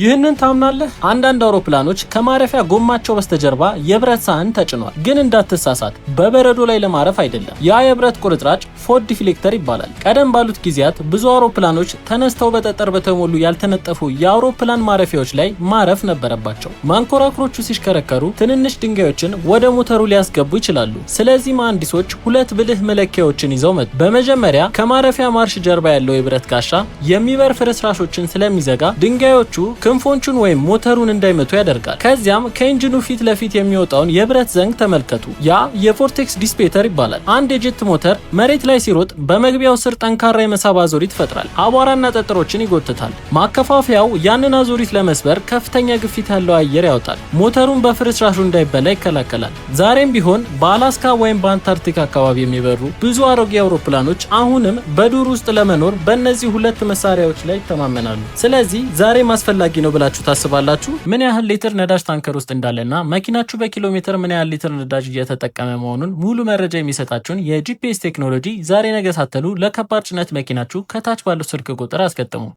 ይህንን ታምናለህ? አንዳንድ አውሮፕላኖች ከማረፊያ ጎማቸው በስተጀርባ የብረት ሳህን ተጭኗል። ግን እንዳትሳሳት፣ በበረዶ ላይ ለማረፍ አይደለም። ያ የብረት ቁርጥራጭ ፎድ ዲፍሌክተር ይባላል። ቀደም ባሉት ጊዜያት ብዙ አውሮፕላኖች ተነስተው በጠጠር በተሞሉ ያልተነጠፉ የአውሮፕላን ማረፊያዎች ላይ ማረፍ ነበረባቸው። ማንኮራኩሮቹ ሲሽከረከሩ ትንንሽ ድንጋዮችን ወደ ሞተሩ ሊያስገቡ ይችላሉ። ስለዚህ መሐንዲሶች ሁለት ብልህ መለኪያዎችን ይዘው መጡ። በመጀመሪያ ከማረፊያ ማርሽ ጀርባ ያለው የብረት ጋሻ የሚበር ፍርስራሾችን ስለሚዘጋ ድንጋዮቹ ክንፎቹን ወይም ሞተሩን እንዳይመቱ ያደርጋል። ከዚያም ከኢንጂኑ ፊት ለፊት የሚወጣውን የብረት ዘንግ ተመልከቱ። ያ የቮርቴክስ ዲስፔተር ይባላል። አንድ የጀት ሞተር መሬት ላይ ሲሮጥ በመግቢያው ስር ጠንካራ የመሳብ አዙሪት ይፈጥራል። አቧራና ጠጠሮችን ይጎትታል። ማከፋፈያው ያንን አዙሪት ለመስበር ከፍተኛ ግፊት ያለው አየር ያወጣል። ሞተሩን በፍርስራሹ እንዳይበላ ይከላከላል። ዛሬም ቢሆን በአላስካ ወይም በአንታርክቲክ አካባቢ የሚበሩ ብዙ አሮጌ አውሮፕላኖች አሁንም በዱር ውስጥ ለመኖር በእነዚህ ሁለት መሳሪያዎች ላይ ይተማመናሉ። ስለዚህ ዛሬም አስፈላጊ ነው ብላችሁ ታስባላችሁ? ምን ያህል ሊትር ነዳጅ ታንከር ውስጥ እንዳለና መኪናችሁ በኪሎ ሜትር ምን ያህል ሊትር ነዳጅ እየተጠቀመ መሆኑን ሙሉ መረጃ የሚሰጣችሁን የጂፒኤስ ቴክኖሎጂ ዛሬ ነገ ሳትሉ ለከባድ ጭነት መኪናችሁ ከታች ባለው ስልክ ቁጥር አስገጥሙ።